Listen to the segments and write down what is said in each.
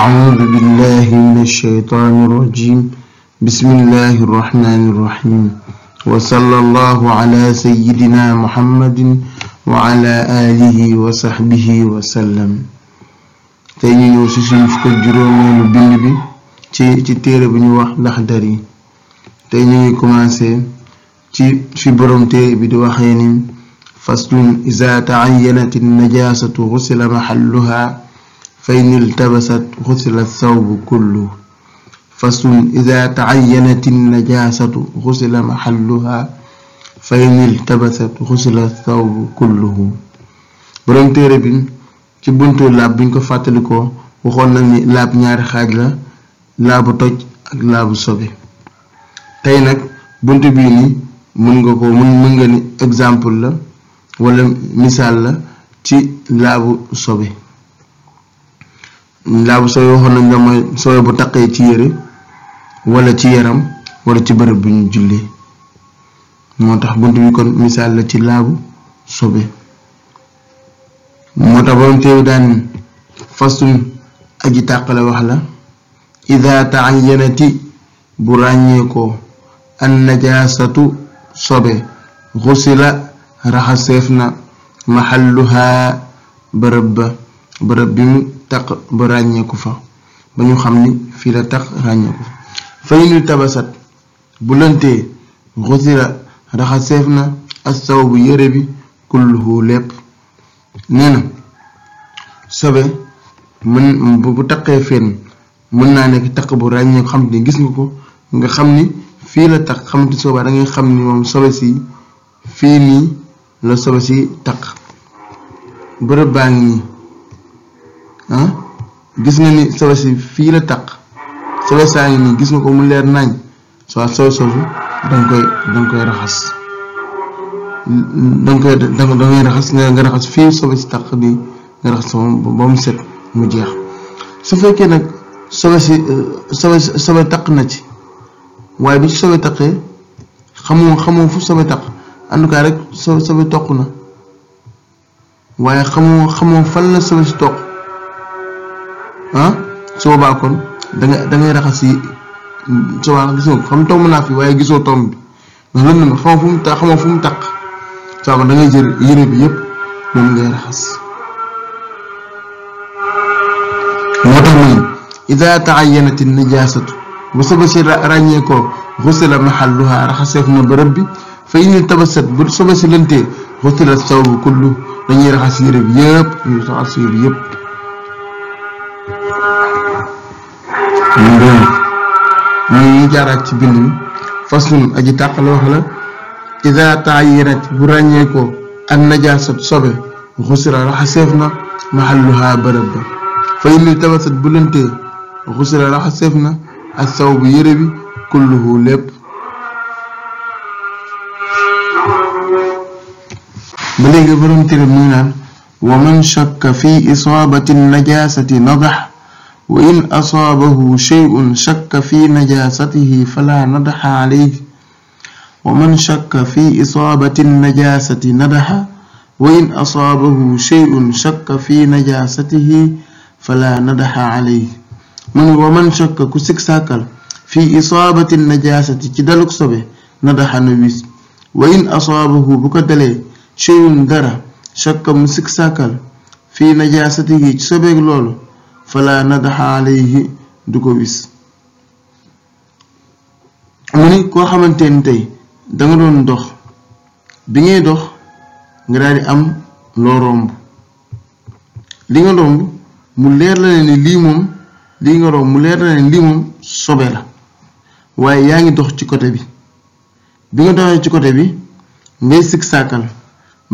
أعوذ بالله من الشيطان الرجيم بسم الله الرحمن الرحيم وصلى الله على سيدنا محمد وعلى آله وصحبه وسلم tey ñu ñëw ci suñu fukk ak juróomeelu bind bi ci ci téere bi ñu wax Laxdari tey ñu ngi commencé ci fi borom téere bi di waxee ni faslun iza taayyanat an-najaasatu ghusila mahalluha فإن التبست غسل الثوب كله فصل إذا تعينت النجاسة غسل محلها فإن التبست غسل الثوب كله borom téere bi ci buntu laab biñ ko fàttalikoo waxoon nañ ni laab ñaari xaaj la laabu toj ak laabu sobi tey nag bunt bii nii mën nga ko mën mën nga ni exemple la wala misaal la ci laabu sobi laabu sooy waxoon nañ la sooy bu taqee ci yére walla ci yaram wala ci bërëb bu ñu jullee moo tax bunt bi kon misaal la ci laabu sobe moo tax borom téew daan fasun aji tàqale wax la ida taayanati bu ràññeekoo an najaasatu sobe xusila raxaseef na maxalluhaa bërëb ba bërëb bi mu taq ba ràññeeku fa ba ñu xam ni fii la taq ràññeeku fa fay nu tabasat bu lëntee xusira raxaseef na astaw bu yére bi kulluhu lépp nee na sobe mën bu taqee fenn mën naa nekk taq bu ràññeeku xam ni gis nga ko nga xam ni fii la taq xamante soobaa da ngay xam ni moom sobe si fii nii la sobe si taq bërëb baa ngi Ah, gis nga ni sobe si fii la taq sobe saa ngi nii gis nga ko mu leer nañ soit sobe soosu danga koy danga koy raxas danga koy danga dangay raxas nga nga raxas fii sobe si taq bi nga raxas ba mu set mu jeex su fekkee nag sobe si sobe eh, sobe taq na ci waaye bi ci sobe taqee xamoo xamoo fu sobe taq en tout cas rek sobe sobe toq na waaye xamoo xamoo fan la sobe si toq ah su boobaa kon da nga da ngay raxas si subaa gisoo ko xam tomb waaye gisoo tomb bi ndax lënd na xamoo fu mu xamoo fu taq saa kon da ngay jël yére bi yépp moom ngay raxas moo tax mu ne ida taayanati nijaasatu bu soba si ràññee ko xusila maxalluha raxaseef na bërëb bi fa ini tabasat bu soba si lëntee xusila sawbu kullu dañuy raxas yére bi yépp ñu raxas yére bi yëpp ngóom moom ñu jaaraat ci bind mi faslun aji tàqal wax la ida taayirat bu ràññee ko ak najaasat sobe xusira raxaseef na maxalluha bërëb ba fa inni tamasat bu lëntee xusira raxaseef na ak saw bu yére bi kulluhu lépp ba léegi borom téere muy naan wa man shakka fi isaabati najaasati nadax وإن أصابه شيء شك في نجاسته فلا ندح عليه ومن شك في إصابة النجاسة ندح وإن أصابه شيء شك في نجاسته فلا ندح عليه من ومن شك كسك ساكل في إصابة النجاسة كدلك سبه ندح نبيس وإن أصابه بكدلي شيء درى شك مسك ساكل في نجاسته سبه لولو fala nadaxa alayhi du ko wis mu ni koo xamante ni tey danga doon dox bi ngay dox nga daal di am loo romb li nga romb mu leer la ne lii moom lii nga mu leer la moom sobe la waaye yaa ngi dox ci côté bi bi nga doxee ci côté bi ngay sikk sàkkal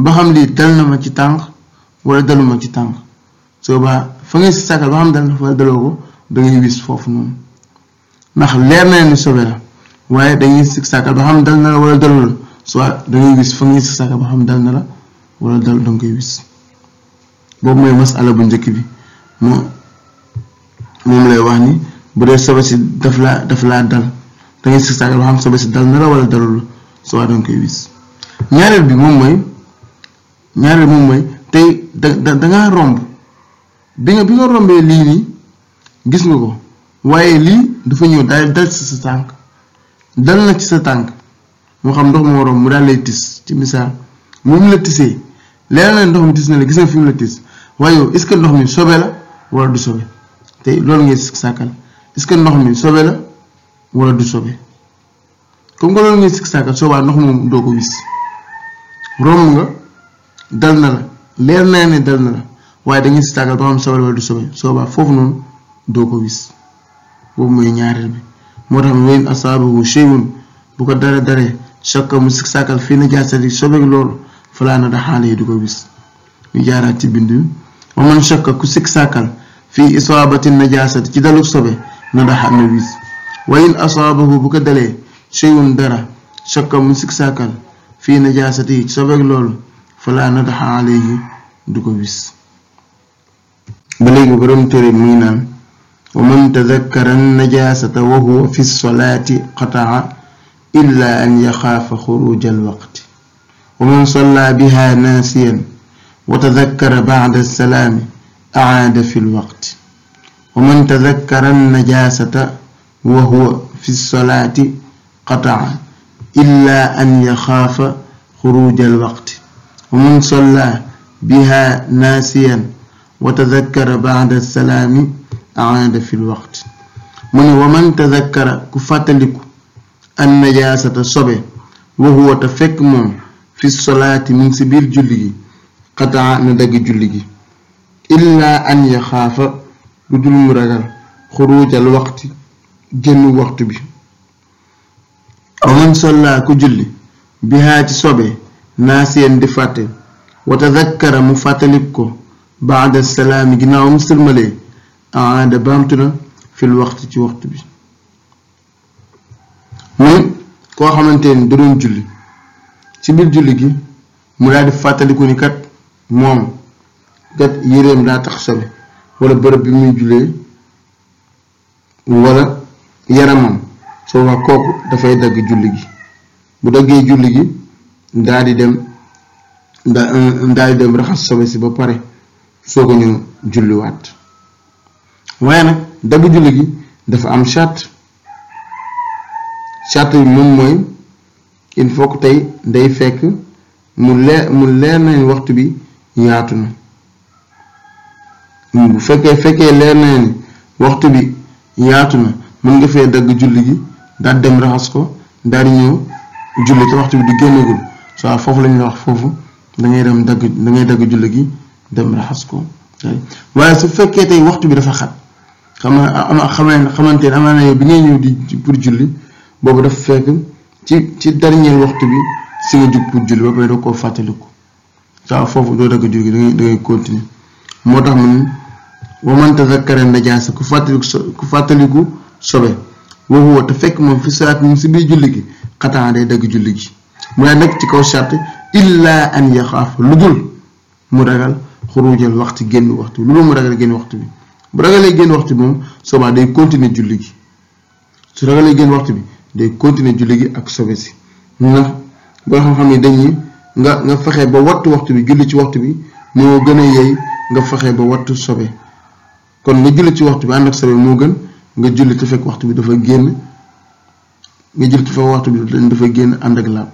ba xam lii dal na ma ci tànk wala daluma ci tànk soo ba fa ngay sàkkal ba xam dal fa daloo ko foofu ndax leer na ni sobe la waaye dangay sàkkal ba xam dal na la wala dalu la soit dangay wis fa ngay sàkkal ba xam dal na la wala dal danga koy bu njëkk bi moo moom lay wax ni bu si daf laa daf laa dal dangay sàkkal ba xam sobe si dal na la wala dalu soo soit danga koy wis ñaareel bi moom mooy ñaareel moom mooy tey da da romb bi nga bi nga rombee lii nii gis nga ko waaye lii dafa ñëw daal dal ci sa tànk dal na ci sa tànk moo xam ndox mu waroon mu daal lay tis ci misaal moom la tisee leer na ndox mi tis na la gis na fi mu la tis waaye yow est ndox mi sobe la wala du sobe te loolu ngay sikk que ndox mi sobe wala du sobe comme que loolu ngay sikk sàkkal soobaa ndox moom doo ko wis romb nga dal na la leer naa ne dal na la waaye da ngeen si tàggal ba xam sobe wala du sobe soobaa foofu noonu doo ko wis boobu mooy ñaareel bi moo tax mu wéyum asaabahu shay'un bu ko dara daree chakka mu sàkkal fii najaasati sobeeg loolu falaa na du ko wis ñu jaaraat ci bind wa man chakka ku sikk sàkkal fii isaabati najaasati ci daluk sobe na daxa na wis wa in asaabahu bu ko dalee shay'un dara chakka mu fii najaasati sobeeg loolu falaa na daxa alayhi du ko wis ba léegi borom téere muy naan wa man tadakkara najaasata wa huwa fi solaati qataa illa an yaxaafa xuruja alwaqti wa man salla biha naasiyan wa tadakkara bacda salaami acaada fi lwaqti wa man tadakkara najaasata wa huwa fi solaati qataa illa an yaxaafa xuruja alwaqti wa man salla biha naasiyan wa tadakkara baada salaami aada fi lwaqt mu ne wa man ku fàttaliku an najaasata sobe wa huwa te fekk moom fi solaati mi ngi si biir julli gi xataa na dagg julli gi illaa an yaxaafa lu dul mu ragal xuruujal waxti génn waxtu bi wa man ku julli bihaa ci sobe naa seen di fàtte wa mu fàttalik ko baada salaami ginnaawam sërmalee aada baamtu na fil waxtu ci waxtu bi muy koo xamante ni da doon julli ci biir julli gi mu daal di fàttaliku ni moom kat yéreem daa tax sobe wala bërëb bi muy jullee wala yaramam soo wax kooku dafay dagg julli gi bu daggee julli gi daa di dem daa di dem raxas sobe si ba pare soog a ñu julliwaat waaye nag dagg julli gi dafa am charte charte bi moom mooy kenn faut tey day fekk mu leer mu leer waxtu bi yaatu na bu fekkee fekkee leer ni waxtu bi yaatu na mën nga fee dagg julli gi daal dem raxas ko daal di ñëw julli te waxtu bi di génnagul soit foofu lañ wax foofu da dem dagg da dagg julli gi dem raxas ko waaye su fekkee tey waxtu bi dafa xat xam nga am xaman xamante ne bi ngay ñëw di pour julli boobu dafa fekk ci ci dernier waxtu bi si nga jug pour julli ba pare doo fàttaliku saa foofu doo dagg gi da ngay da ngay continuer moo man tazakkara najaasa ku fàttaliku so ku fàttaliku sobe woowu woo te fekk moom fi salaat moom si biir julli gi xataa day dagg julli gi mu ne nag ci kaw sart illaa an yaxaaf lu dul mu ragal. xurujal waxtu génn waxtu bi lu mu ragal génn waxtu bi bu ragalee génn waxtu bi moom soobaa day continuer julli gi su ragalee génn waxtu bi day continuer julli gi ak sobe si ndax boo xam-xam ni yi nga nga fexe ba wattu waxtu bi julli ci waxtu bi moo gën a yey nga faxe ba wattu sobe kon nga julli ci waxtu bi ànd ak sobe moo gën nga julli te fekk waxtu bi dafa génn nga julli ci fekk waxtu bi dafa génn ànd ak laab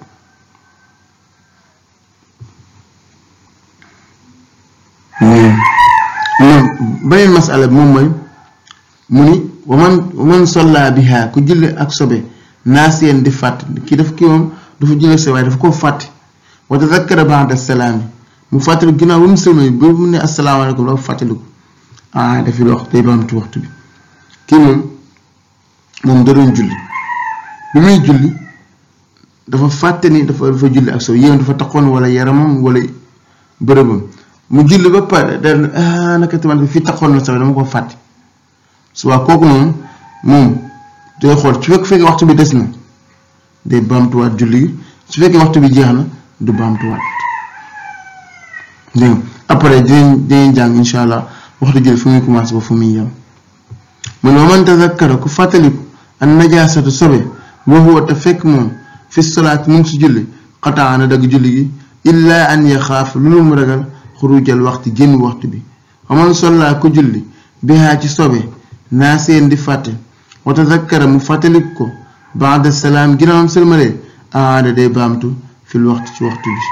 non beneen masala bi moom mooy mu ni waman waman solla biha ku julli ak sobe naa seen di fàtt ki daf ki moom dafa julli sobe waaye dafa mu fàttali ginnaaw ba mu sëlmay ba mu ne dafa ah, kii moom moom da julli bi muy julli dafa fàtte ni dafa dafa julli ak sobe yéen dafa taxoon wala yaramam wala bërëbam mu julli ba pare daal ne ah naka fii taxoon na sama dama ko fàtte suba kooku noonu moom day xool su fekkee waxtu bi des na day baamtuwaat julli su fekkee waxtu bi jeex na du baamtuwaat dégg après dinañ dinañ jàng incha allah waxtu julli fu muy commencé ba fu muy yem mu ne wa man tazakkara ku fàttaliku an najaasatu sobe wa huwa te fekk moom fi solaat mu si julli xataa na dagg julli gi illa an yaxaaf lu mu ragal. xurujal waxtu génn waxtu bi amoon sollaa ku julli bihaa ci sobe naa seen di fàtte wata zakkara mu fàttaliku ko ba salaam ginnaawam sëlmalee aada day baamtu fil waxtu ci waxtu bi